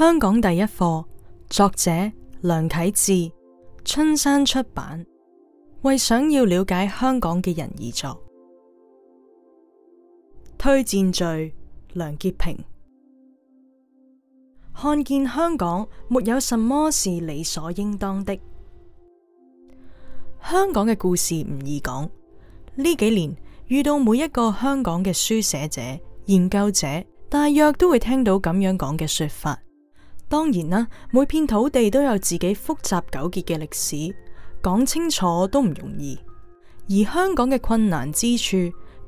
香港第一課，作者梁啟智，春山出版，為想要了解香港嘅人而作。推薦序：張潔平。看見香港沒有什麼是理所應當的。香港嘅故事唔易講。呢幾年遇到每一個香港嘅書寫者、研究者，大約都會聽到咁樣講嘅說法。當然啦，每片土地都有自己複雜糾結嘅歷史，講清楚都唔容易。而香港嘅困難之處，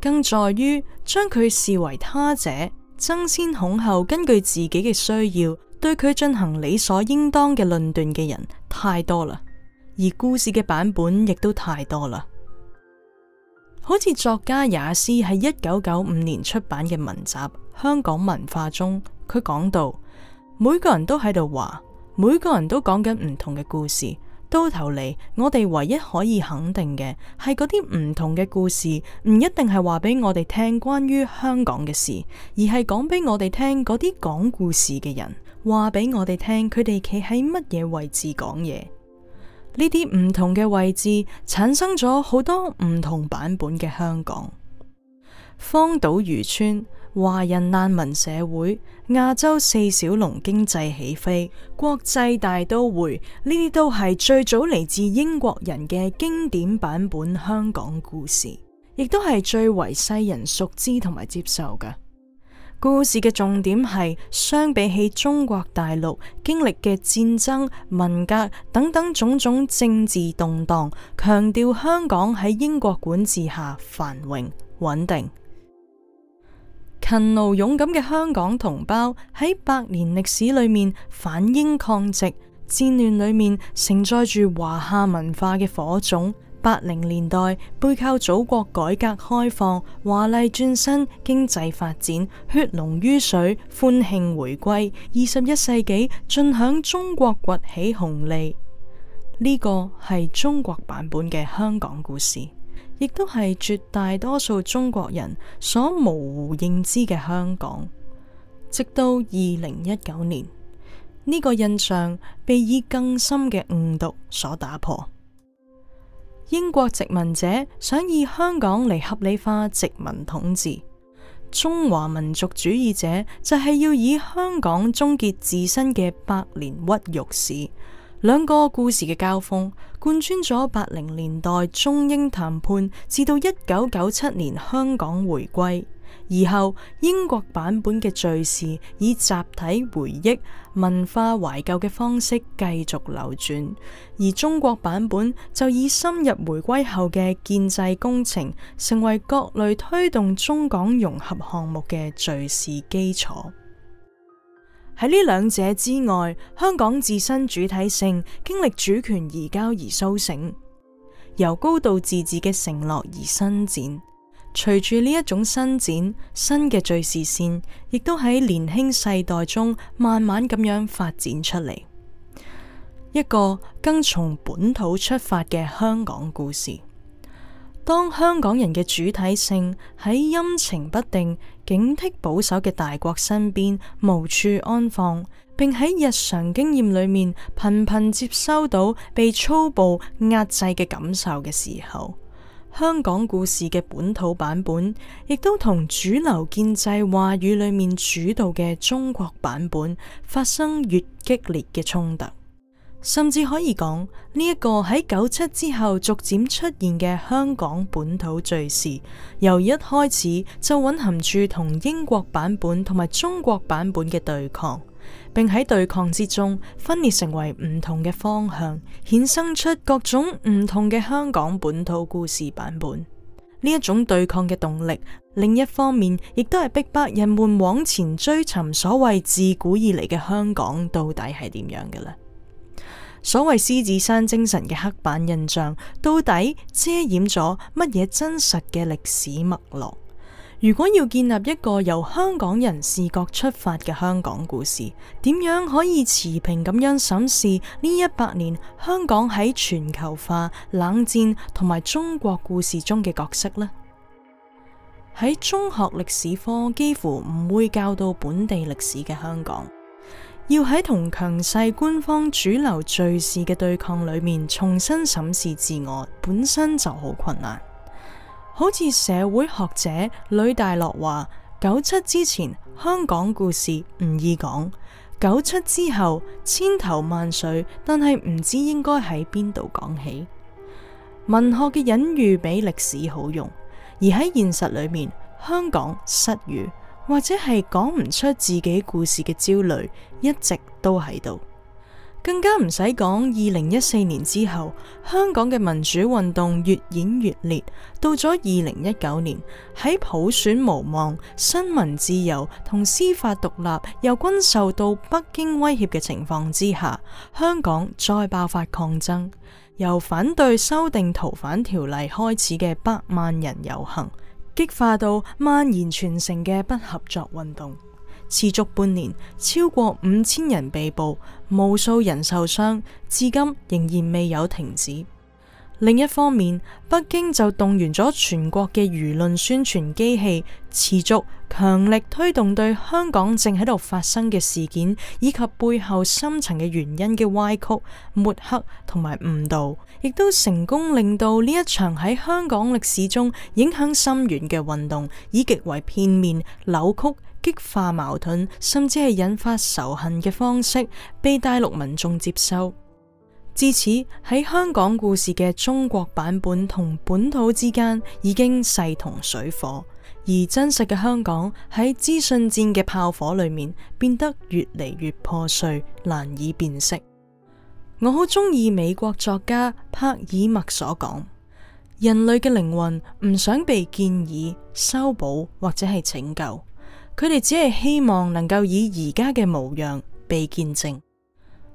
更在於將佢視為他者，爭先恐後根據自己嘅需要對佢進行理所應當嘅論斷嘅人太多啦，而故事嘅版本亦都太多啦。好似作家也斯喺一九九五年出版嘅文集《香港文化》中，佢講到，每個人都喺度話，每個人都講緊唔同嘅故事，到頭嚟我哋唯一可以肯定嘅係嗰啲唔同嘅故事唔一定係話俾我哋聽關於香港嘅事，而係講俾我哋聽嗰啲講故事嘅人話俾我哋聽佢哋企喺乜嘢位置講嘢，呢啲唔同嘅位置產生咗好多唔同版本嘅香港，荒島漁村、華人難民社會、亞洲四小龍經濟起飛、國際大都會，呢啲都係最早嚟自英國人嘅經典版本香港故事，亦都係最為世人熟知同埋接受嘅。故事嘅重點係，相比起中國大陸經歷嘅戰爭、文革等等種種政治動盪，強調香港喺英國管治下繁榮穩定。勤勞勇敢嘅香港同胞喺百年歷史裏面反英抗殖，戰亂裏面承載住華夏文化嘅火種。八零年代背靠祖國改革開放華麗轉身，經濟發展血濃於水，歡慶回歸。二十一世紀盡享中國崛起紅利。呢個係中國版本嘅香港故事。亦都係絕大多數中國人所模糊認知嘅香港，直到二零一九年，呢個印象被以更深嘅誤讀所打破。英國殖民者想以香港嚟合理化殖民統治，中華民族主義者就係要以香港終結自身嘅百年屈辱史。兩個故事嘅交鋒。貫穿咗八零年代中英談判，至到一九九七年香港回歸，而後英國版本嘅敘事以集體回憶、文化懷舊嘅方式繼續流轉，而中國版本就以深入回歸後嘅建制工程，成為各類推動中港融合項目嘅敘事基礎。喺呢兩者之外，香港自身主體性經歷主權移交而蘇醒，由高度自治嘅承諾而伸展。隨住呢一種伸展，新嘅敘事線亦都喺年輕世代中慢慢咁樣發展出嚟，一個更從本土出發嘅香港故事。當香港人嘅主體性喺陰晴不定。警惕保守嘅大國身邊無處安放，並喺日常經驗裏面頻頻接收到被粗暴壓制嘅感受嘅時候，香港故事嘅本土版本亦都同主流建制話語裏面主導嘅中國版本發生越激烈嘅衝突。甚至可以講呢一個喺九七之後逐漸出現嘅香港本土敘事，由一開始就蘊含住同英國版本同埋中國版本嘅對抗，並喺對抗之中分裂成為唔同嘅方向，衍生出各種唔同嘅香港本土故事版本。呢一種對抗嘅動力，另一方面亦都係逼迫人們往前追尋所謂自古以嚟嘅香港到底係點樣嘅啦。所謂獅子山精神嘅刻板印象，到底遮掩咗乜嘢真實嘅歷史脈絡？如果要建立一個由香港人視角出發嘅香港故事，點樣可以持平咁樣審視呢一百年香港喺全球化、冷戰同埋中國故事中嘅角色呢？喺中學歷史課，幾乎唔會教到本地歷史嘅香港。要喺同強勢官方主流敘事嘅對抗裏面重新審視自我，本身就好困難。好似社會學者呂大樂話：九七之前香港故事唔易講，九七之後千頭萬緒，但係唔知應該喺邊度講起。文學嘅隱喻比歷史好用，而喺現實裏面，香港失語。或者係講唔出自己故事嘅焦慮，一直都喺度。更加唔使講，二零一四年之後，香港嘅民主運動越演越烈，到咗二零一九年，喺普選無望、新聞自由同司法獨立又均受到北京威脅嘅情況之下，香港再爆發抗爭，由反對修訂逃犯條例開始嘅百萬人遊行。激化到蔓延全城嘅不合作運動，持續半年，超過五千人被捕，無數人受傷，至今仍然未有停止。另一方面，北京就動員咗全國嘅輿論宣傳機器，持續強力推動對香港正喺度發生嘅事件，以及背後深層嘅原因嘅歪曲、抹黑同埋誤導，亦都成功令到呢一場喺香港歷史中影響深遠嘅運動，以極為片面、扭曲、激化矛盾，甚至係引發仇恨嘅方式，被大陸民眾接受。至此喺香港故事嘅中國版本同本土之間已經勢同水火，而真實嘅香港喺資訊戰嘅炮火裏面變得越嚟越破碎，難以辨識。我好中意美國作家帕爾默所講：人類嘅靈魂唔想被建議、修補或者係拯救，佢哋只係希望能夠以而家嘅模樣被見證。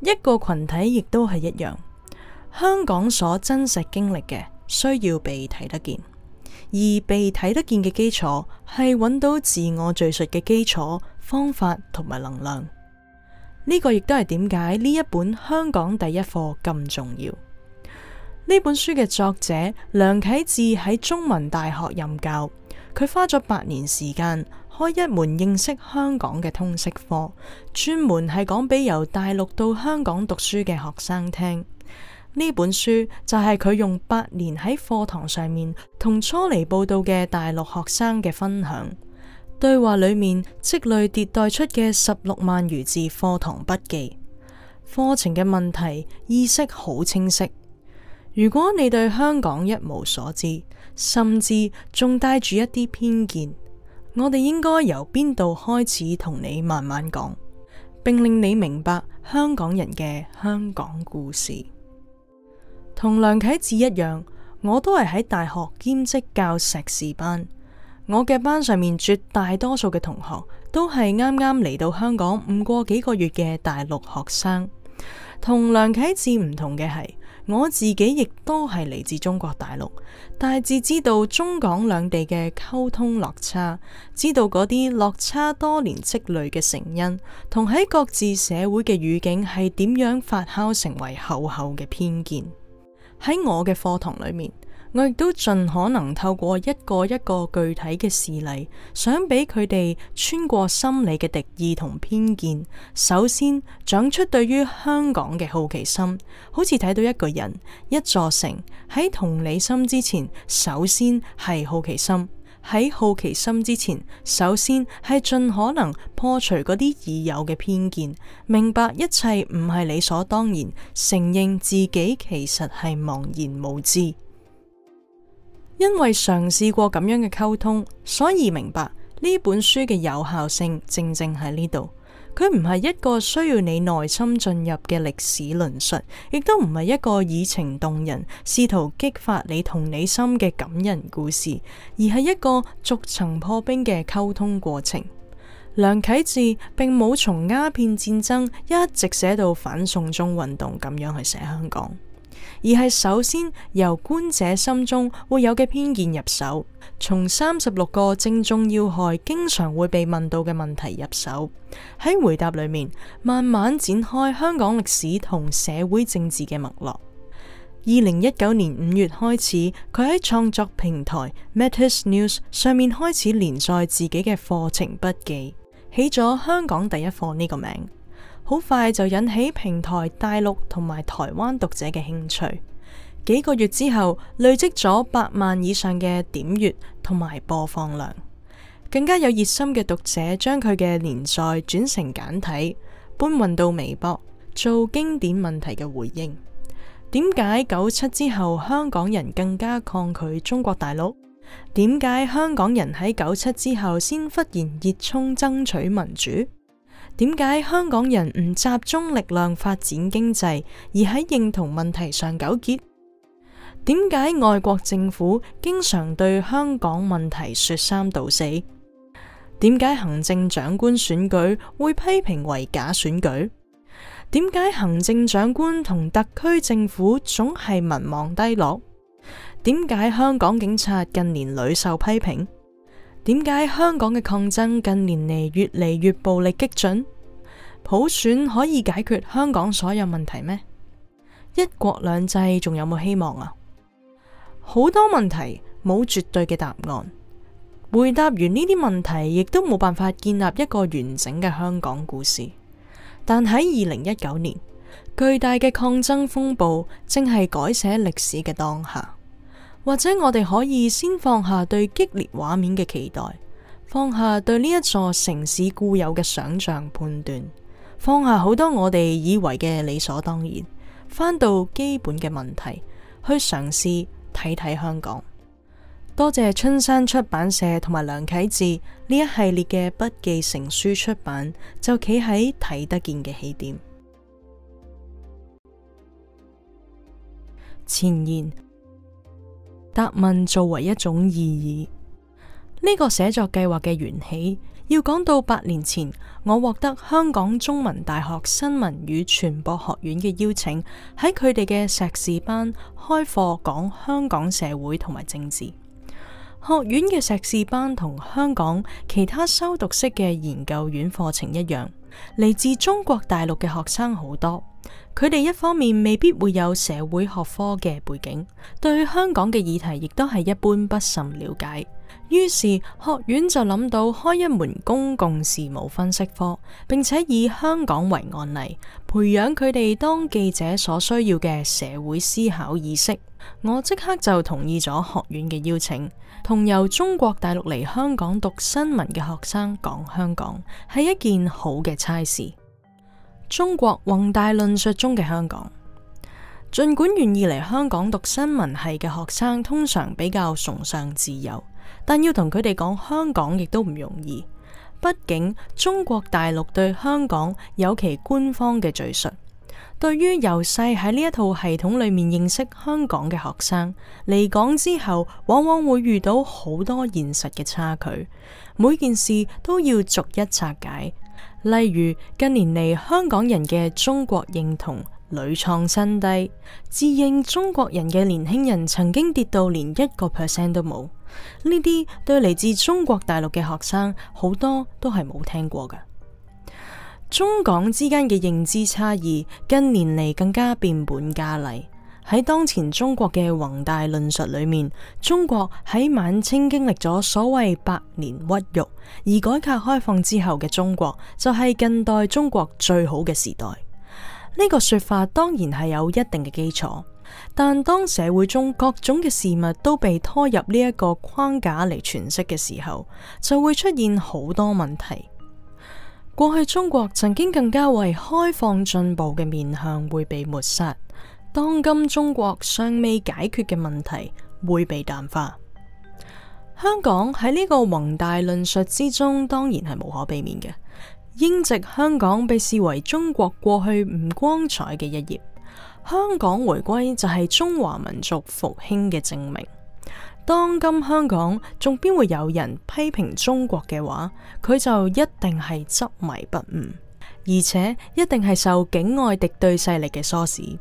一個群體亦都係一樣，香港所真實經歷嘅需要被睇得見，而被睇得見嘅基礎係揾到自我敘述嘅基礎方法同埋能量。呢、呢個亦都係點解呢一本《香港第一課》咁重要。呢本書嘅作者梁啟智喺中文大學任教，佢花咗八年時間。開一門認識香港嘅通識課，專門係講俾由大陸到香港讀書嘅學生聽。呢本書就係佢用八年喺課堂上面同初嚟報道嘅大陸學生嘅分享對話裏面積累迭代出嘅十六萬餘字課堂筆記。課程嘅問題意識好清晰。如果你對香港一無所知，甚至仲帶住一啲偏見。我哋應該由邊度開始同你慢慢講，並令你明白香港人嘅香港故事。同梁啟智一樣，我都係喺大學兼職教碩士班。我嘅班上面絕大多數嘅同學都係啱啱嚟到香港唔過幾個月嘅大陸學生。同梁啟智唔同嘅係：我自己亦都係嚟自中國大陸，大致知道中港兩地嘅溝通落差，知道嗰啲落差多年積累嘅成因，同喺各自社會嘅語境係點樣發酵成為厚厚嘅偏見。喺我嘅課堂裏面，我亦都盡可能透過一個一個具體嘅事例，想俾佢哋穿過心理嘅敵意同偏見，首先長出對於香港嘅好奇心，好似睇到一個人一座城喺同理心之前，首先係好奇心；喺好奇心之前，首先係盡可能破除嗰啲已有嘅偏見，明白一切唔係理所當然，承認自己其實係茫然無知。因為嘗試過咁樣嘅溝通，所以明白呢本書嘅有效性正正喺呢度。佢唔係一個需要你內心進入嘅歷史論述，亦都唔係一個以情動人、試圖激發你同你心嘅感人故事，而係一個逐層破冰嘅溝通過程。梁啟智並冇從鴉片戰爭一直寫到反送中運動咁樣去寫香港。而係首先由觀者心中會有嘅偏見入手，從三十六個正中要害、經常會被問到嘅問題入手，喺回答裏面慢慢展開香港歷史同社會政治嘅脈絡。二零一九年五月開始，佢喺創作平台 Matters News 上面開始連載自己嘅課程筆記，起咗《香港第一課》呢個名。好快就引起平台大陸同埋台灣讀者嘅興趣，幾個月之後累積咗百萬以上嘅點閱同埋播放量。更加有熱心嘅讀者將佢嘅連載轉成簡體，搬運到微博，做經典問題嘅回應。點解九七之後香港人更加抗拒中國大陸？點解香港人喺九七之後先忽然熱衷爭取民主？點解香港人唔集中力量發展經濟，而喺認同問題上糾結？點解外國政府經常對香港問題說三道四？點解行政長官選舉會批評為假選舉？點解行政長官同特區政府總係民望低落？點解香港警察近年屢受批評？點解香港嘅抗爭近年嚟越嚟越暴力激進？普選可以解決香港所有問題咩？一國兩制仲有冇希望啊？好多問題冇絕對嘅答案。回答完呢啲問題，亦都冇辦法建立一個完整嘅香港故事。但喺二零一九年，巨大嘅抗爭風暴正係改寫歷史嘅當下。或者我哋可以先放下對激烈畫面嘅期待，放下對呢一座城市固有嘅想象判斷，放下好多我哋以為嘅理所當然，翻到基本嘅問題，去嘗試睇睇香港。多謝春山出版社同埋梁啟智呢一系列嘅筆記成書出版，就企喺睇得見嘅起點。前言。答問作為一種意義，呢個寫作計劃嘅緣起，要講到八年前，我獲得香港中文大學新聞與傳播學院嘅邀請，喺佢哋嘅碩士班開課講香港社會同埋政治。學院嘅碩士班同香港其他修讀式嘅研究院課程一樣，嚟自中國大陸嘅學生好多。佢哋一方面未必會有社會學科嘅背景，對香港嘅議題亦都係一般不甚了解。於是學院就諗到開一門公共事務分析科，並且以香港為案例，培養佢哋當記者所需要嘅社會思考意識。我即刻就同意咗學院嘅邀請，同由中國大陸嚟香港讀新聞嘅學生講香港，係一件好嘅差事。中國宏大論述中嘅香港，儘管願意嚟香港讀新聞系嘅學生通常比較崇尚自由，但要同佢哋講香港亦都唔容易。畢竟中國大陸對香港有其官方嘅敘述，對於由細喺呢一套系統裏面認識香港嘅學生，嚟港之後，往往會遇到好多現實嘅差距，每件事都要逐一拆解。例如近年嚟，香港人嘅中國認同屢創新低，自認中國人嘅年輕人曾經跌到連一個 percent 都冇，呢啲對嚟自中國大陸嘅學生好多都係冇聽過嘅。中港之間嘅認知差異，近年嚟更加變本加厲。喺當前中國嘅宏大論述裏面，中國喺晚清經歷咗所謂百年屈辱，而改革開放之後嘅中國就係近代中國最好嘅時代。呢個說法當然係有一定嘅基礎，但當社會中各種嘅事物都被拖入呢一個框架嚟詮釋嘅時候，就會出現好多問題。過去中國曾經更加為開放進步嘅面向會被抹殺。當今中國尚未解決嘅問題會被淡化。香港喺呢個宏大論述之中，當然係無可避免嘅。英殖香港被視為中國過去唔光彩嘅一頁。香港回歸就係中華民族復興嘅證明。當今香港仲邊會有人批評中國嘅話，佢就一定係執迷不悟，而且一定係受境外敵對勢力嘅唆使。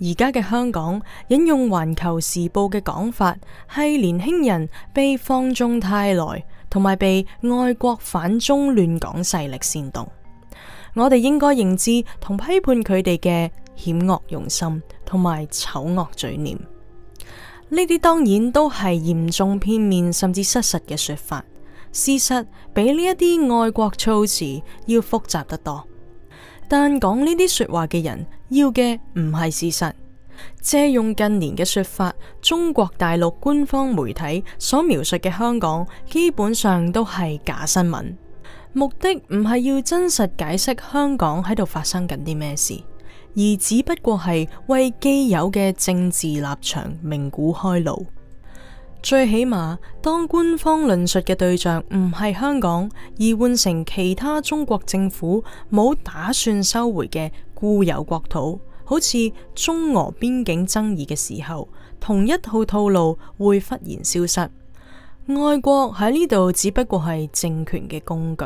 而家嘅香港，引用《環球時報》嘅講法，係年輕人被放縱太耐，同埋被外國反中亂港勢力煽動。我哋應該認知同批判佢哋嘅險惡用心同埋醜惡嘴臉。呢啲當然都係嚴重片面甚至失實嘅說法。事實比呢一啲外國措辭要複雜得多。但講呢啲說話嘅人，要嘅唔係事實，借用近年嘅說法，中國大陸官方媒體所描述嘅香港，基本上都係假新聞。目的唔係要真實解釋香港喺度發生緊啲咩事，而只不過係為既有嘅政治立場鳴鼓開路。最起碼，當官方論述嘅對象唔係香港，而換成其他中國政府冇打算收回嘅。固有國土，好似中俄邊境爭議嘅時候，同一套套路會忽然消失。愛國喺呢度只不過係政權嘅工具。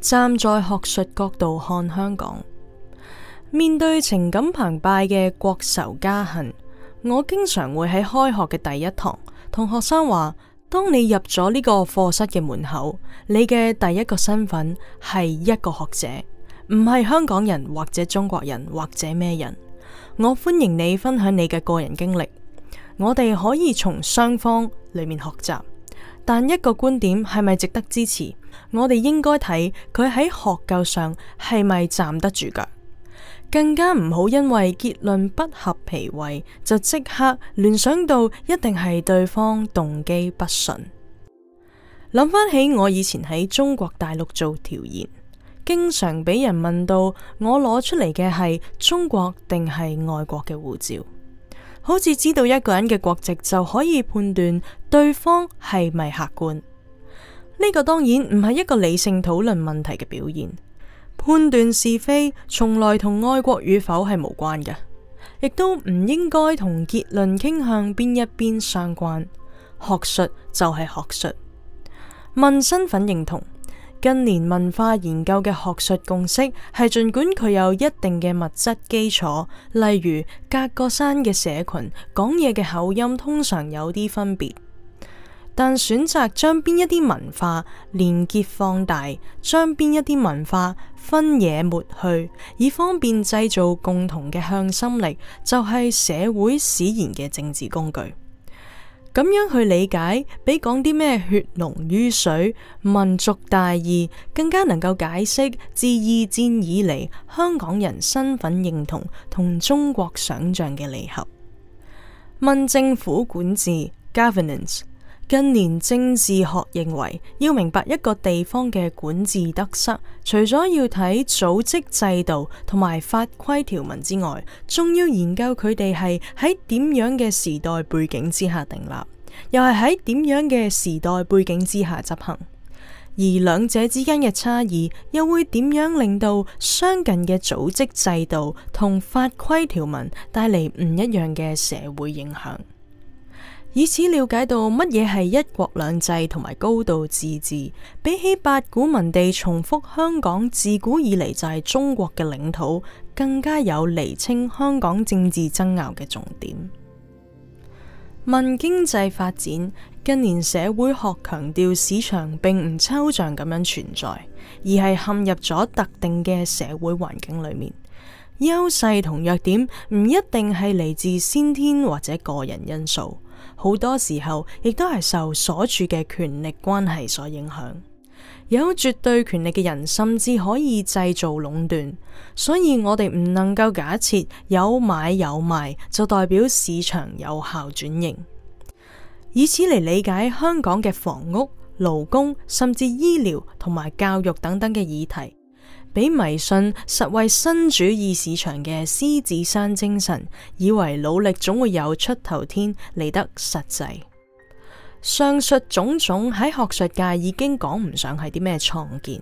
站在學術角度看香港，面對情感澎湃嘅國仇家恨，我經常會喺開學嘅第一堂同學生話：當你入咗呢個課室嘅門口，你嘅第一個身份係一個學者。唔係香港人或者中國人或者咩人，我歡迎你分享你嘅個人經歷，我哋可以從雙方裏面學習。但一個觀點係咪值得支持，我哋應該睇佢喺學究上係咪站得住腳。更加唔好因為結論不合脾胃就即刻聯想到一定係對方動機不純。諗翻起我以前喺中國大陸做調研。經常俾人問到我攞出嚟嘅係中國定係外國嘅護照，好似知道一個人嘅國籍就可以判斷對方係咪客觀。呢、這個當然唔係一個理性討論問題嘅表現。判斷是非從來同愛國與否係無關嘅，亦都唔應該同結論傾向邊一邊相關。學術就係學術，問身份認同。近年文化研究嘅學術共識係，盡管佢有一定嘅物質基礎，例如隔個山嘅社群講嘢嘅口音通常有啲分別，但選擇將邊一啲文化連結放大，將邊一啲文化分野抹去，以方便製造共同嘅向心力，就係社會使然嘅政治工具。咁樣去理解，比講啲咩血濃於水、民族大義，更加能夠解釋自二戰以嚟香港人身份認同同中國想象嘅離合。問政府管治 （governance）。Govern ance, 近年政治學認為，要明白一個地方嘅管治得失，除咗要睇組織制度同埋法規條文之外，仲要研究佢哋係喺點樣嘅時代背景之下訂立，又係喺點樣嘅時代背景之下執行，而兩者之間嘅差異，又會點樣令到相近嘅組織制度同法規條文帶嚟唔一樣嘅社會影響？以此了解到乜嘢係一國兩制同埋高度自治，比起八股文地重複香港自古以嚟就係中國嘅領土，更加有厘清香港政治爭拗嘅重點。問經濟發展，近年社會學強調市場並唔抽象咁樣存在，而係陷入咗特定嘅社會環境裏面，優勢同弱點唔一定係嚟自先天或者個人因素。好多時候亦都係受所處嘅權力關係所影響，有絕對權力嘅人甚至可以製造壟斷，所以我哋唔能夠假設有買有賣就代表市場有效轉型，以此嚟理解香港嘅房屋、勞工甚至醫療同埋教育等等嘅議題。俾迷信實為新主義市場嘅獅子山精神，以為努力總會有出頭天嚟得實際。上述種種喺學術界已經講唔上係啲咩創建，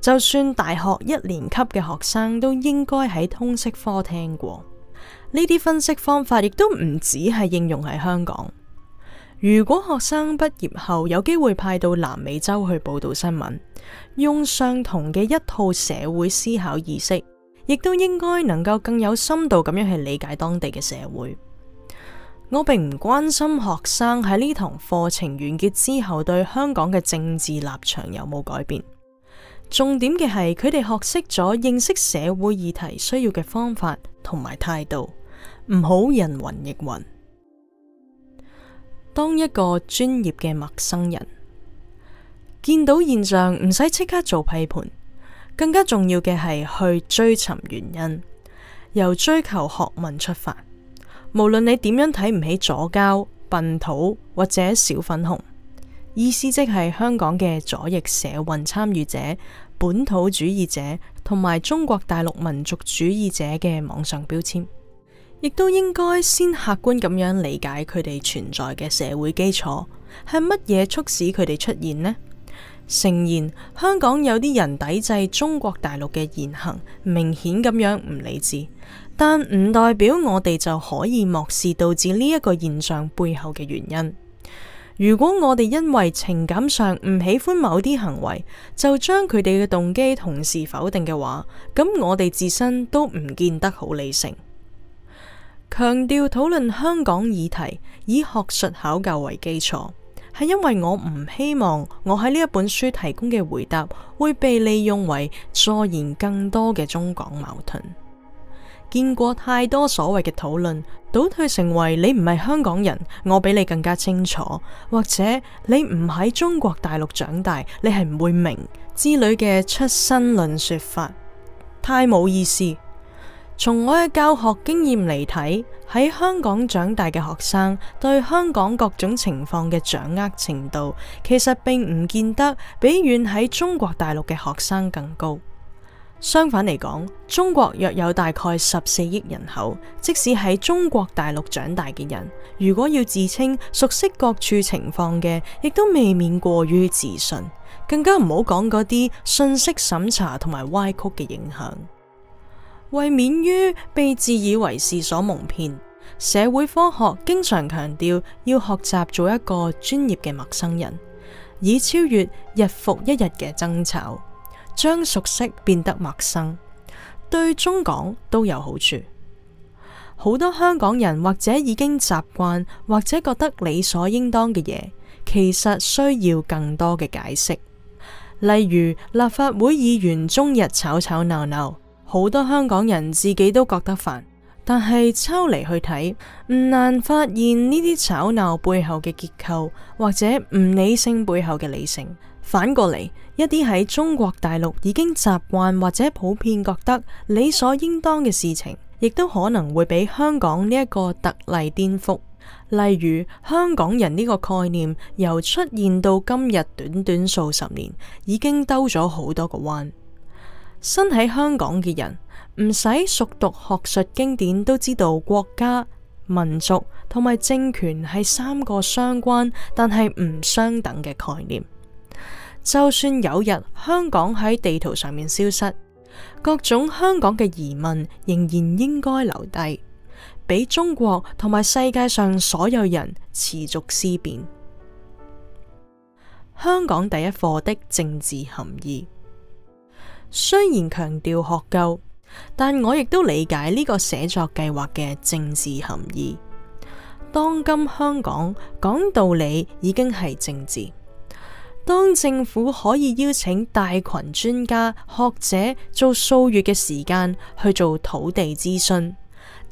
就算大學一年級嘅學生都應該喺通識科聽過呢啲分析方法，亦都唔只係應用喺香港。如果學生畢業後有機會派到南美洲去報道新聞，用相同嘅一套社會思考意識，亦都應該能夠更有深度咁樣去理解當地嘅社會。我並唔關心學生喺呢堂課程完結之後對香港嘅政治立場有冇改變，重點嘅係佢哋學識咗認識社會議題需要嘅方法同埋態度，唔好人云亦云。當一個專業嘅陌生人見到現象，唔使即刻做批判，更加重要嘅係去追尋原因，由追求學問出發。無論你點樣睇唔起左膠、本土或者小粉紅，意思即係香港嘅左翼社運參與者、本土主義者同埋中國大陸民族主義者嘅網上標籤。亦都應該先客觀咁樣理解佢哋存在嘅社會基礎，係乜嘢促使佢哋出現呢？誠然，香港有啲人抵制中國大陸嘅言行，明顯咁樣唔理智，但唔代表我哋就可以漠視導致呢一個現象背後嘅原因。如果我哋因為情感上唔喜歡某啲行為，就將佢哋嘅動機同時否定嘅話，咁我哋自身都唔見得好理性。強調討論香港議題，以學術考究為基礎，係因為我唔希望我喺呢一本書提供嘅回答會被利用為助燃更多嘅中港矛盾。見過太多所謂嘅討論，倒退成為你唔係香港人，我比你更加清楚，或者你唔喺中國大陸長大，你係唔會明之類嘅出身論說法，太冇意思。從我嘅教學經驗嚟睇，喺香港長大嘅學生對香港各種情況嘅掌握程度，其實並唔見得比遠喺中國大陸嘅學生更高。相反嚟講，中國約有大概十四億人口，即使喺中國大陸長大嘅人，如果要自稱熟悉各處情況嘅，亦都未免過於自信，更加唔好講嗰啲信息審查同埋歪曲嘅影響。為免於被自以為是所蒙騙，社會科學經常強調要學習做一個專業嘅陌生人，以超越日復一日嘅爭吵，將熟悉變得陌生，對中港都有好處。好多香港人或者已經習慣，或者覺得理所應當嘅嘢，其實需要更多嘅解釋。例如，立法會議員終日吵吵鬧鬧。好多香港人自己都覺得煩，但係抽離去睇，唔難發現呢啲吵鬧背後嘅結構，或者唔理性背後嘅理性。反過嚟，一啲喺中國大陸已經習慣或者普遍覺得理所應當嘅事情，亦都可能會俾香港呢一個特例顛覆。例如，香港人呢個概念由出現到今日短短數十年，已經兜咗好多個彎。身喺香港嘅人唔使熟讀學術經典都知道，國家、民族同埋政權係三個相關但係唔相等嘅概念。就算有日香港喺地圖上面消失，各種香港嘅疑問仍然應該留低，俾中國同埋世界上所有人持續思辨。香港第一課的政治含義。雖然強調學究，但我亦都理解呢個寫作計劃嘅政治含義。當今香港講道理已經係政治，當政府可以邀請大群專家、學者做數月嘅時間去做土地諮詢。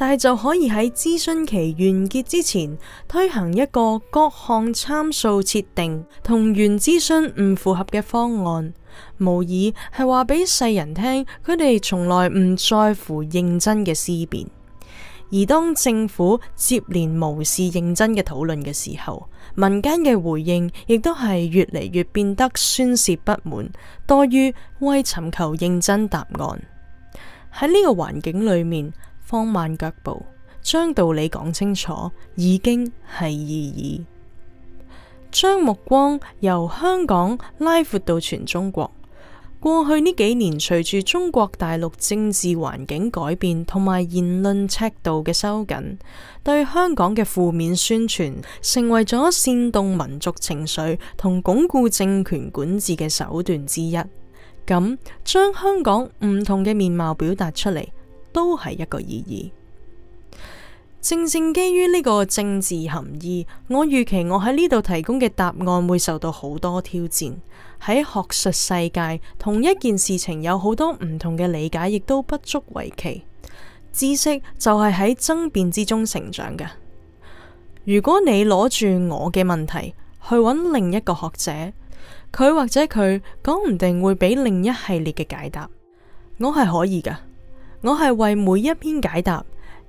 但係就可以喺諮詢期完結之前推行一個各項參數設定同原諮詢唔符合嘅方案，無疑係話俾世人聽，佢哋從來唔在乎認真嘅思辨。而當政府接連無視認真嘅討論嘅時候，民間嘅回應亦都係越嚟越變得宣洩不滿，多於為尋求認真答案。喺呢個環境裏面。放慢腳步，將道理講清楚，已經係意義。將目光由香港拉闊到全中國。過去呢幾年，隨住中國大陸政治環境改變同埋言論尺度嘅收緊，對香港嘅負面宣傳成為咗煽動民族情緒同鞏固政權管治嘅手段之一。咁將香港唔同嘅面貌表達出嚟，都係一個意義。正正基於呢個政治含義，我預期我喺呢度提供嘅答案會受到好多挑戰。喺學術世界，同一件事情有好多唔同嘅理解，亦都不足為奇。知識就係喺爭辯之中成長嘅。如果你攞住我嘅問題去揾另一個學者，佢或者佢講唔定會俾另一系列嘅解答。我係可以㗎。我係為每一篇解答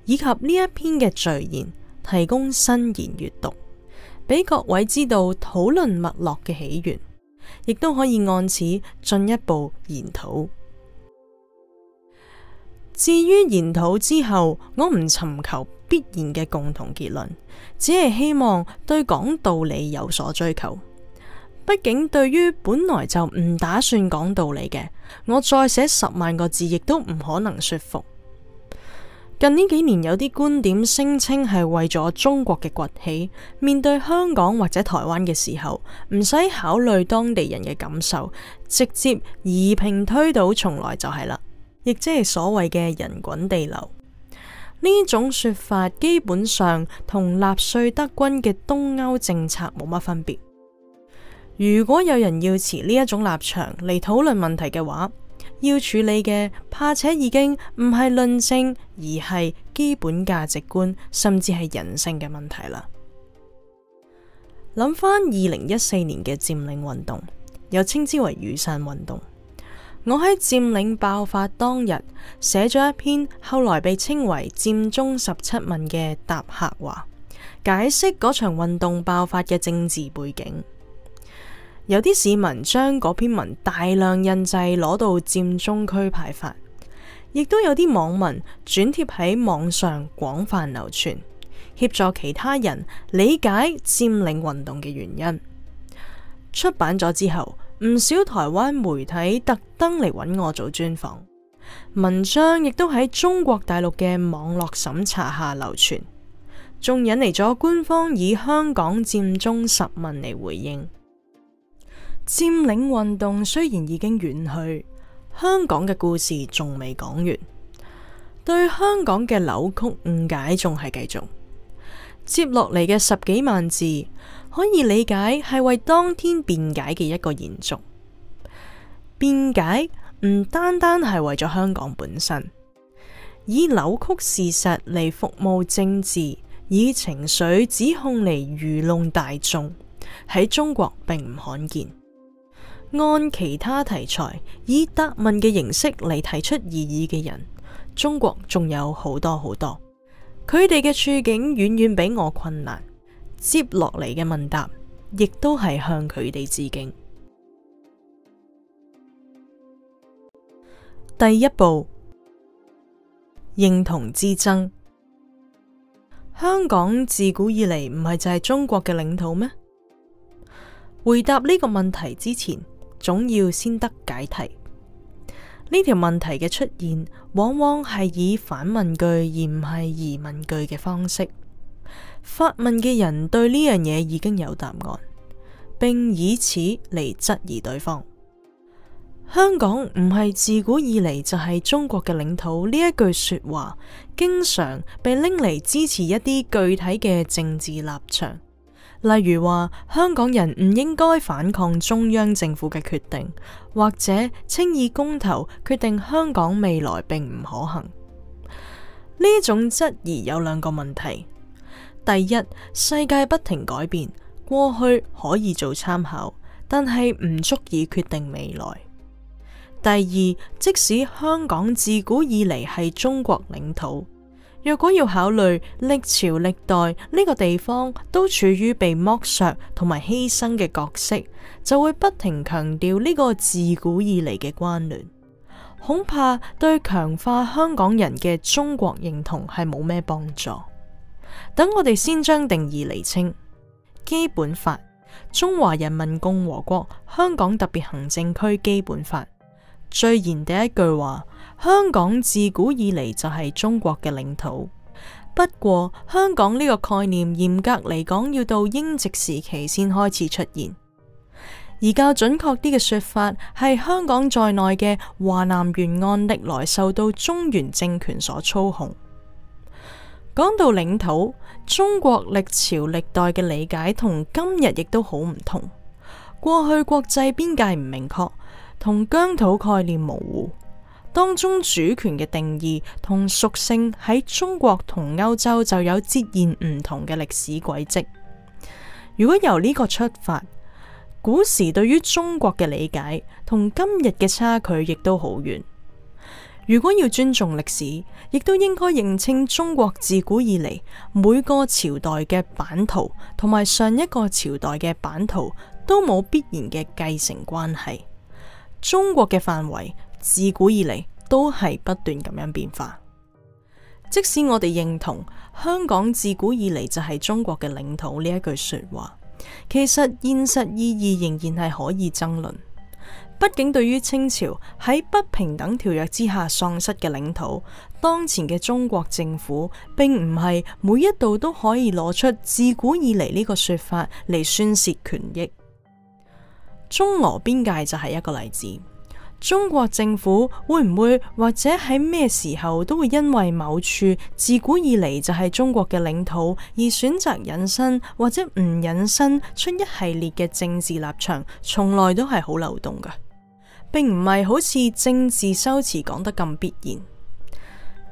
以及呢一篇嘅序言提供新言閱讀，俾各位知道討論脈絡嘅起源，亦都可以按此進一步研討。至於研討之後，我唔尋求必然嘅共同結論，只係希望對講道理有所追求。畢竟對於本來就唔打算講道理嘅我，再寫十萬個字亦都唔可能說服。近呢幾年有啲觀點聲稱係為咗中國嘅崛起，面對香港或者台灣嘅時候，唔使考慮當地人嘅感受，直接夷平推倒重來就係啦，亦即係所謂嘅人滾地流呢種說法，基本上同納粹德軍嘅東歐政策冇乜分別。如果有人要持呢一種立場嚟討論問題嘅話，要處理嘅怕且已經唔係論證，而係基本價值觀甚至係人性嘅問題啦。諗翻二零一四年嘅佔領運動，又稱之為雨傘運動。我喺佔領爆發當日寫咗一篇，後來被稱為《佔中十七問》嘅答客話，解釋嗰場運動爆發嘅政治背景。有啲市民將嗰篇文大量印製，攞到佔中區派發，亦都有啲網民轉貼喺網上廣泛流傳，協助其他人理解佔領運動嘅原因。出版咗之後，唔少台灣媒體特登嚟揾我做專訪。文章亦都喺中國大陸嘅網絡審查下流傳，仲引嚟咗官方以香港佔中十問嚟回應。佔領運動雖然已經遠去，香港嘅故事仲未講完，對香港嘅扭曲誤解仲係繼續。接落嚟嘅十幾萬字可以理解係為當天辯解嘅一個延續。辯解唔單單係為咗香港本身，以扭曲事實嚟服務政治，以情緒指控嚟愚弄大眾，喺中國並唔罕見。按其他題材以答問嘅形式嚟提出異議嘅人，中國仲有好多好多，佢哋嘅處境遠遠比我困難。接落嚟嘅問答，亦都係向佢哋致敬。第一步，認同之爭。香港自古以嚟唔係就係中國嘅領土咩？回答呢個問題之前，總要先得解題。呢條問題嘅出現，往往係以反問句而唔係疑問句嘅方式。發問嘅人，對呢樣嘢已經有答案，並以此嚟質疑對方。香港唔係自古以嚟就係中國嘅領土。呢一句說話，經常被拎嚟支持一啲具體嘅政治立場。例如話，香港人唔應該反抗中央政府嘅決定，或者輕易公投決定香港未來，並唔可行。呢種質疑有兩個問題：第一，世界不停改變，過去可以做參考，但係唔足以決定未來；第二，即使香港自古以嚟係中國領土。若果要考慮歷朝歷代，呢個地方都處於被剝削同埋犧牲嘅角色，就會不停強調呢個自古以來嘅關聯，恐怕對強化香港人嘅中國認同係冇咩幫助。等我哋先將定義厘清，《基本法》《中華人民共和國香港特別行政區基本法》，最嚴第一句話。香港自古以嚟就係中國嘅領土，不過香港呢個概念嚴格嚟講，要到英殖時期先開始出現。而較準確啲嘅說法係香港在內嘅華南沿岸，歷來受到中原政權所操控。講到領土，中國歷朝歷代嘅理解同今日亦都好唔同。過去國際邊界唔明確，同疆土概念模糊。當中主權嘅定義同屬性喺中國同歐洲就有截然唔同嘅歷史軌跡。如果由呢個出發，古時對於中國嘅理解同今日嘅差距亦都好遠。如果要尊重歷史，亦都應該認清中國自古以嚟每個朝代嘅版圖同埋上一個朝代嘅版圖都冇必然嘅繼承關係。中國嘅範圍。自古以嚟都係不斷咁樣變化，即使我哋認同香港自古以嚟就係中國嘅領土呢一句說話，其實現實意義仍然係可以爭論。畢竟對於清朝喺不平等條約之下喪失嘅領土，當前嘅中國政府並唔係每一度都可以攞出自古以嚟呢個說法嚟宣洩權益。中俄邊界就係一個例子。中國政府會唔會或者喺咩時候都會因為某處自古以嚟就係中國嘅領土而選擇引申或者唔引申出一系列嘅政治立場，從來都係好流動㗎，並唔係好似政治修辭講得咁必然。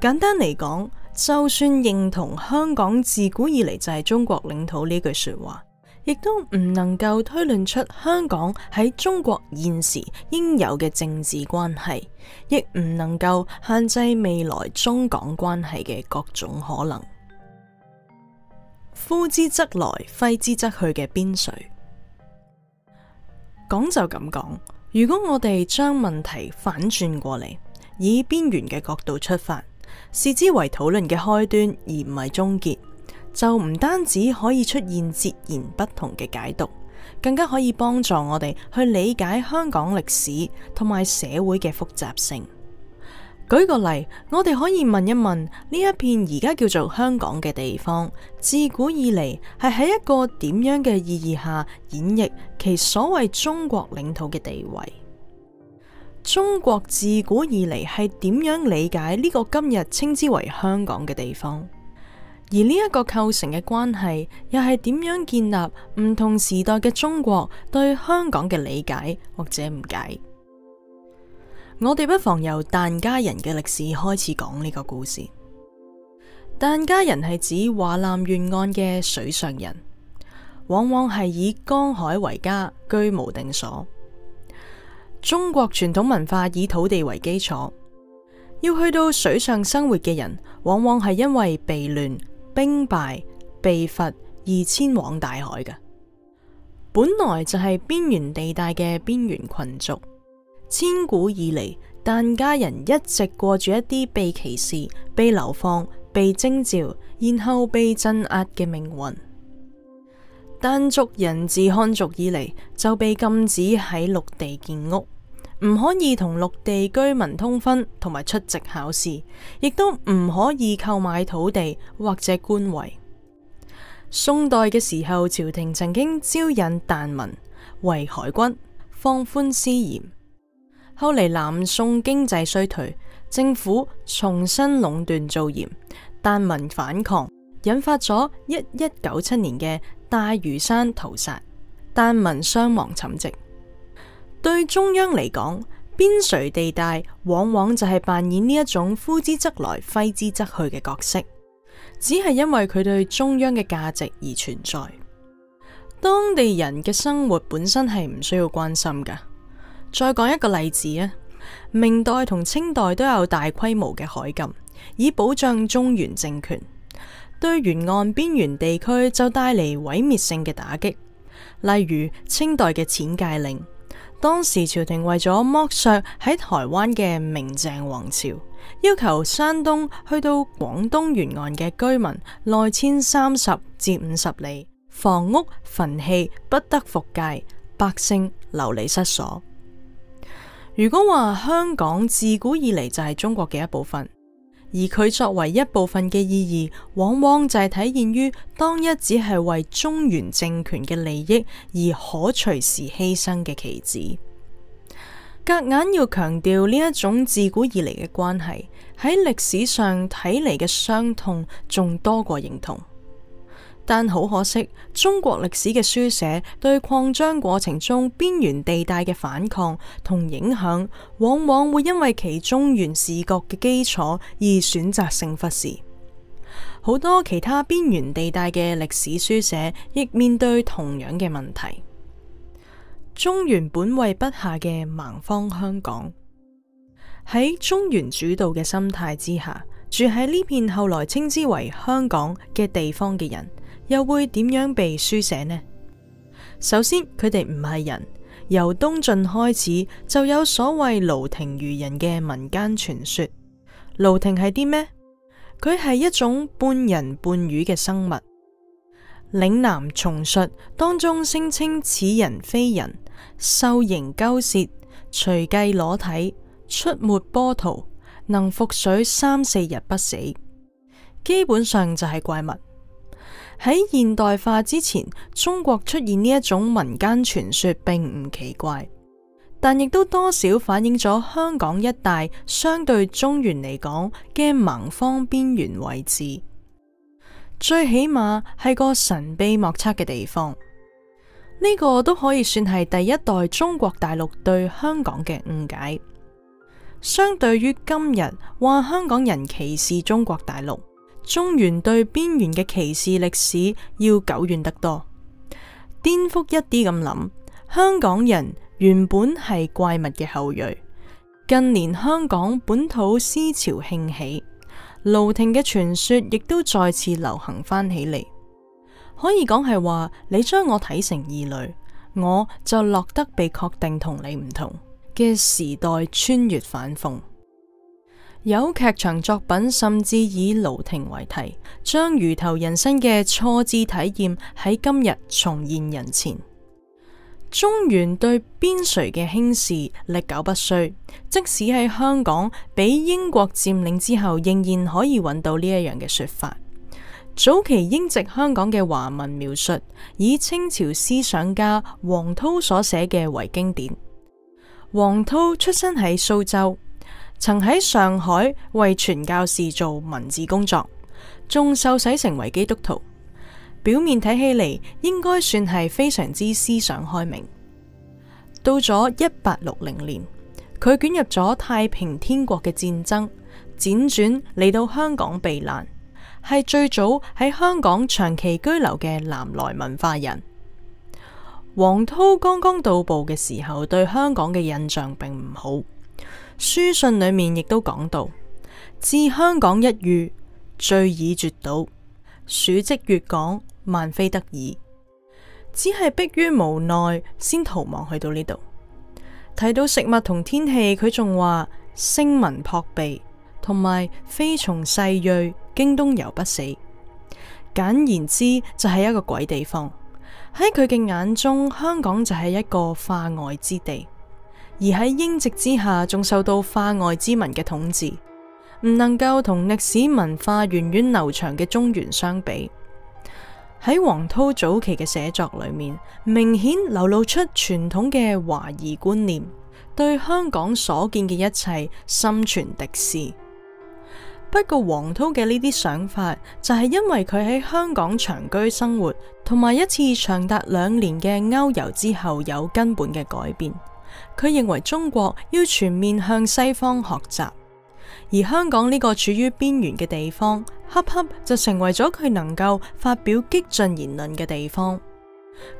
簡單嚟講，就算認同香港自古以嚟就係中國領土呢句說話。亦都唔能夠推論出香港喺中國現時應有嘅政治關係，亦唔能夠限制未來中港關係嘅各種可能。呼之則來，揮之則去嘅邊陲，講就咁講。如果我哋將問題反轉過嚟，以邊緣嘅角度出發，視之為討論嘅開端，而唔係終結。就唔單止可以出現截然不同嘅解讀，更加可以幫助我哋去理解香港歷史同埋社會嘅複雜性。舉個例，我哋可以問一問，呢一片而家叫做香港嘅地方，自古以嚟係喺一個點樣嘅意義下演繹其所謂中國領土嘅地位？中國自古以嚟係點樣理解呢個今日稱之為香港嘅地方？而呢一個構成嘅關係，又係點樣建立唔同時代嘅中國對香港嘅理解或者誤解？我哋不妨由疍家人嘅歷史開始講呢個故事。疍家人係指華南沿岸嘅水上人，往往係以江海為家，居無定所。中國傳統文化以土地為基礎，要去到水上生活嘅人，往往係因為避亂。兵敗被罰，而遷往大海嘅，本來就係邊緣地帶嘅邊緣群族，千古以嚟，疍家人一直過住一啲被歧視、被流放、被徵召，然後被鎮壓嘅命運。疍族人自漢族以嚟就被禁止喺陸地建屋。唔可以同陸地居民通婚，同埋出席考試，亦都唔可以購買土地或者官位。宋代嘅時候，朝廷曾經招引疍民為海軍，放寬私鹽。後嚟，南宋經濟衰退，政府重新壟斷造鹽，疍民反抗，引發咗一一九七年嘅大嶼山屠殺，疍民傷亡枕藉。對中央嚟講，邊陲地帶往往就係扮演呢一種呼之則來、揮之則去嘅角色，只係因為佢對中央嘅價值而存在。當地人嘅生活本身係唔需要關心噶。再講一個例子啊，明代同清代都有大規模嘅海禁，以保障中原政權，對沿岸邊緣地區就帶嚟毀滅性嘅打擊，例如清代嘅遷界令。當時朝廷為咗剝削喺台灣嘅明鄭王朝，要求山東去到廣東沿岸嘅居民內遷三十至五十里，房屋焚棄，不得復界，百姓流離失所。如果話香港自古以嚟就係中國嘅一部分。而佢作為一部分嘅意義，往往就係體現於當一，只係為中原政權嘅利益而可隨時犧牲嘅棋子。隔硬要強調呢一種自古以嚟嘅關係，喺歷史上睇嚟嘅傷痛，仲多過認同。但好可惜，中國歷史嘅書寫對擴張過程中邊緣地帶嘅反抗同影響，往往會因為其中原視覺嘅基礎而選擇性忽視。好多其他邊緣地帶嘅歷史書寫亦面對同樣嘅問題。中原本位筆下嘅盲方香港，喺中原主導嘅心態之下，住喺呢片後來稱之為香港嘅地方嘅人。又會點樣被書寫呢？首先，佢哋唔係人。由東晉開始就有所謂盧亭魚人嘅民間傳說。盧亭係啲咩？佢係一種半人半魚嘅生物。嶺南叢述當中聲稱似人非人，獸形鳩舌，隨計裸體出沒波濤，能覆水三四日不死。基本上就係怪物。喺現代化之前，中國出現呢一種民間傳說並唔奇怪，但亦都多少反映咗香港一帶相對中原嚟講嘅蠻荒邊緣位置，最起碼係個神秘莫測嘅地方。呢、這個都可以算係第一代中國大陸對香港嘅誤解。相對於今日話香港人歧視中國大陸。中原對邊緣嘅歧視歷史要久遠得多。顛覆一啲咁諗，香港人原本係怪物嘅後裔。近年香港本土思潮興起，盧亭嘅傳說亦都再次流行翻起嚟。可以講係話，你將我睇成異類，我就落得被確定同你唔同嘅時代穿越反諷。有劇場作品甚至以「盧亭」為題，將魚頭人生嘅錯置體驗喺今日重現人前。中原對邊陲嘅輕視歷久不衰，即使喺香港畀英國佔領之後，仍然可以揾到呢一樣嘅說法。早期英籍香港嘅華文描述，以清朝思想家王韜所寫嘅為經典。王韜出身喺蘇州。曾喺上海為傳教士做文字工作，仲受洗成為基督徒。表面睇起嚟，應該算係非常之思想開明。到咗一八六零年，佢捲入咗太平天國嘅戰爭，輾轉嚟到香港避難，係最早喺香港長期居留嘅南來文化人。王韜剛剛到埗嘅時候，對香港嘅印象並唔好。書信裏面亦都講到，自香港一遇，最已絕島，暑積粵港，萬非得已，只係迫於無奈，先逃亡去到呢度。提到食物同天氣，佢仲話聲聞撲鼻，同埋飛蟲細銳，京冬猶不死。簡言之，就係、是、一個鬼地方。喺佢嘅眼中，香港就係一個化外之地。而喺英殖之下，仲受到化外之民嘅統治，唔能夠同歷史文化源遠流長嘅中原相比。喺黃濤早期嘅寫作裏面，明顯流露，露出傳統嘅華夷觀念，對香港所見嘅一切心存敵視。不過，黃濤嘅呢啲想法就係、是、因為佢喺香港長居生活，同埋一次長達兩年嘅歐遊之後，有根本嘅改變。佢認為中國要全面向西方學習，而香港呢個處於邊緣嘅地方，恰恰就成為咗佢能夠發表激進言論嘅地方。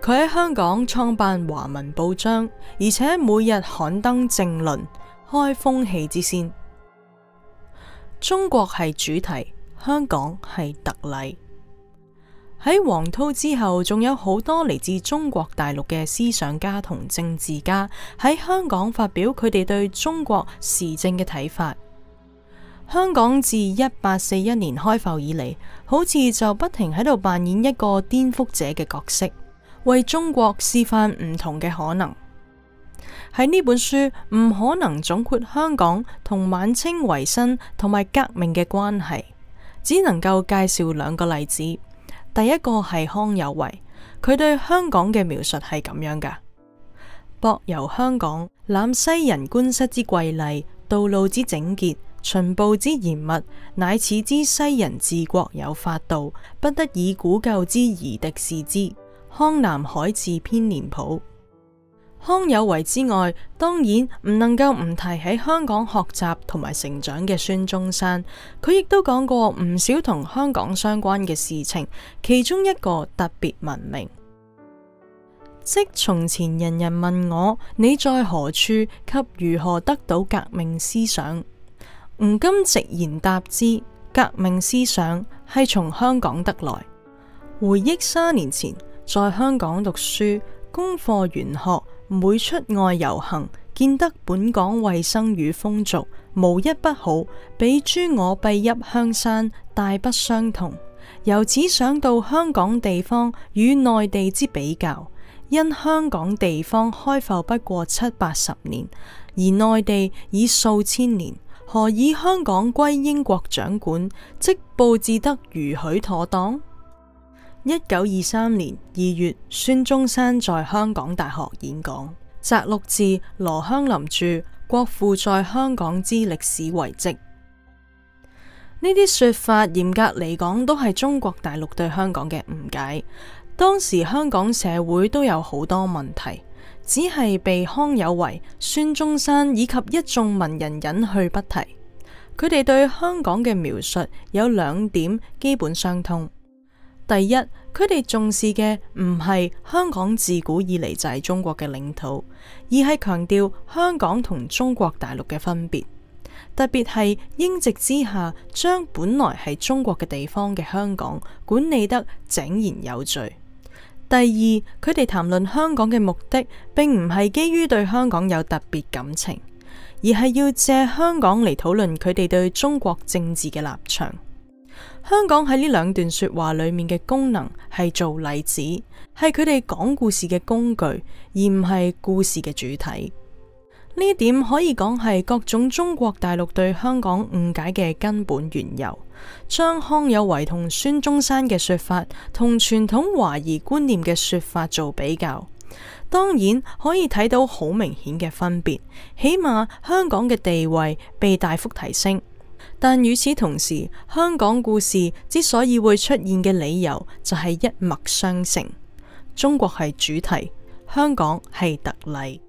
佢喺香港創辦華文報章，而且每日刊登政論，開風氣之先。中國係主題，香港係特例。喺王韜之後，仲有好多嚟自中國大陸嘅思想家同政治家喺香港發表佢哋對中國時政嘅睇法。香港自一八四一年開埠以嚟，好似就不停喺度扮演一個顛覆者嘅角色，為中國示範唔同嘅可能。喺呢本書唔可能總括香港同晚清維新同埋革命嘅關係，只能夠介紹兩個例子。第一個係康有為，佢對香港嘅描述係咁樣噶：博遊香港，覽西人官室之瑰麗，道路之整潔，巡步之嚴密，乃此之西人治國有法道，不得以古舊之夷狄視之。康南海治編年譜。康有為之外，當然唔能夠唔提喺香港學習同埋成長嘅孫中山。佢亦都講過唔少同香港相關嘅事情，其中一個特別聞名。即從前人人問我你在何處及如何得到革命思想。吾今直言答之：革命思想係從香港得來。回憶三年前在香港讀書，功課完學。每出外遊行，見得本港衛生與風俗無一不好，比諸我敝邑香山大不相同。由此想到香港地方與內地之比較，因香港地方開埠不過七八十年，而內地已數千年，何以香港歸英國掌管，即布置得如許妥當？一九二三年二月，孫中山在香港大學演講，摘錄自羅香林著《國父在香港之歷史遺跡》。呢啲說法嚴格嚟講，都係中國大陸對香港嘅誤解。當時香港社會都有好多問題，只係被康有為、孫中山以及一眾文人引去不提。佢哋對香港嘅描述有兩點基本相通。第一，佢哋重視嘅唔係香港自古以嚟就係中國嘅領土，而係強調香港同中國大陸嘅分別，特別係英殖之下將本來係中國嘅地方嘅香港管理得井然有序。第二，佢哋談論香港嘅目的，並唔係基於對香港有特別感情，而係要借香港嚟討論佢哋對中國政治嘅立場。香港喺呢兩段說話裏面嘅功能係做例子，係佢哋講故事嘅工具，而唔係故事嘅主體。呢點可以講係各種中國大陸對香港誤解嘅根本緣由。將康有為同孫中山嘅說法同傳統華夷觀念嘅說法做比較，當然可以睇到好明顯嘅分別。起碼香港嘅地位被大幅提升。但與此同時，香港故事之所以會出現嘅理由就係一脈相承，中國係主題，香港係特例。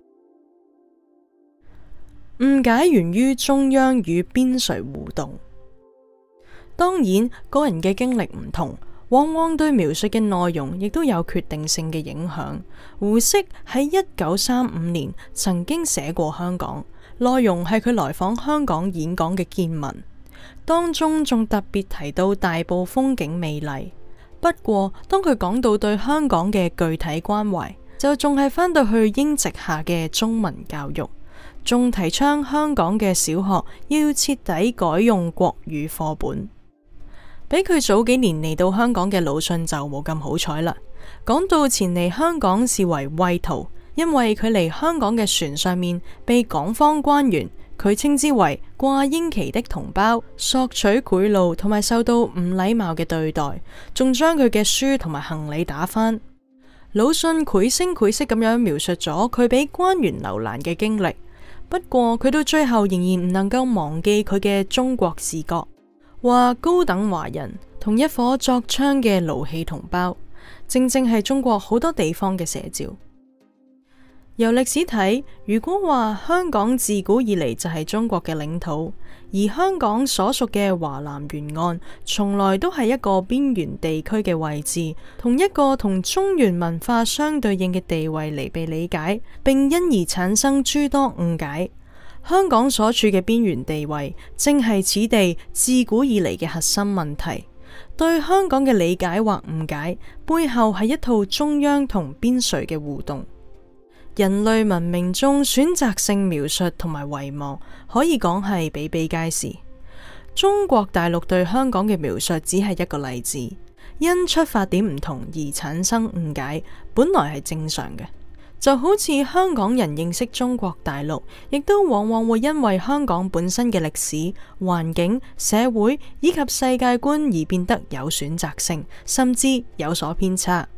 誤解源於中央與邊陲互動。當然，個人嘅經歷唔同，往往對描述嘅內容亦都有決定性嘅影響。胡適喺一九三五年曾經寫過香港，內容係佢來訪香港演講嘅見聞。當中仲特別提到大埔風景美麗，不過當佢講到對香港嘅具體關懷，就仲係翻到去英殖下嘅中文教育，仲提倡香港嘅小學要徹底改用國語課本。俾佢早幾年嚟到香港嘅魯迅就冇咁好彩啦，講到前嚟香港視為畏途，因為佢嚟香港嘅船上面被港方官員。佢稱之為掛英旗的同胞，索取賄賂同埋受到唔禮貌嘅對待，仲將佢嘅書同埋行李打翻。魯迅繪聲繪色咁樣描述咗佢俾官員留難嘅經歷，不過佢到最後仍然唔能夠忘記佢嘅中國視角，話高等華人同一伙作槍嘅勞氣同胞，正正係中國好多地方嘅寫照。由歷史睇，如果話香港自古以嚟就係中國嘅領土，而香港所屬嘅華南沿岸，從來都係一個邊緣地區嘅位置，同一個同中原文化相對應嘅地位嚟被理解，並因而產生諸多誤解。香港所處嘅邊緣地位，正係此地自古以嚟嘅核心問題。對香港嘅理解或誤解，背後係一套中央同邊陲嘅互動。人類文明中選擇性描述同埋遺忘，可以講係比比皆是。中國大陸對香港嘅描述只係一個例子，因出發點唔同而產生誤解，本來係正常嘅。就好似香港人認識中國大陸，亦都往往會因為香港本身嘅歷史、環境、社會以及世界觀而變得有選擇性，甚至有所偏差。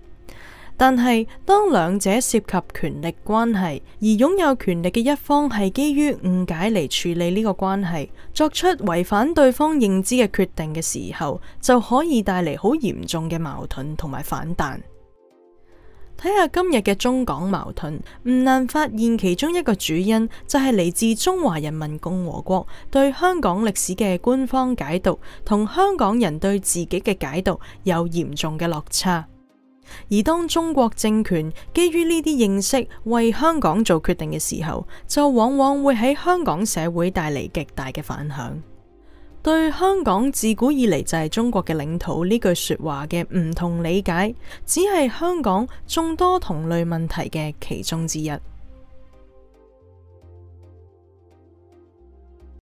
但係，當兩者涉及權力關係，而擁有權力嘅一方係基於誤解嚟處理呢個關係，作出違反對方認知嘅決定嘅時候，就可以帶嚟好嚴重嘅矛盾同埋反彈。睇下今日嘅中港矛盾，唔難發現其中一個主因就係嚟自中華人民共和國對香港歷史嘅官方解讀，同香港人對自己嘅解讀有嚴重嘅落差。而當中國政權基於呢啲認識為香港做決定嘅時候，就往往會喺香港社會帶嚟極大嘅反響。對香港自古以來就係中國嘅領土呢句說話嘅唔同理解，只係香港眾多同類問題嘅其中之一。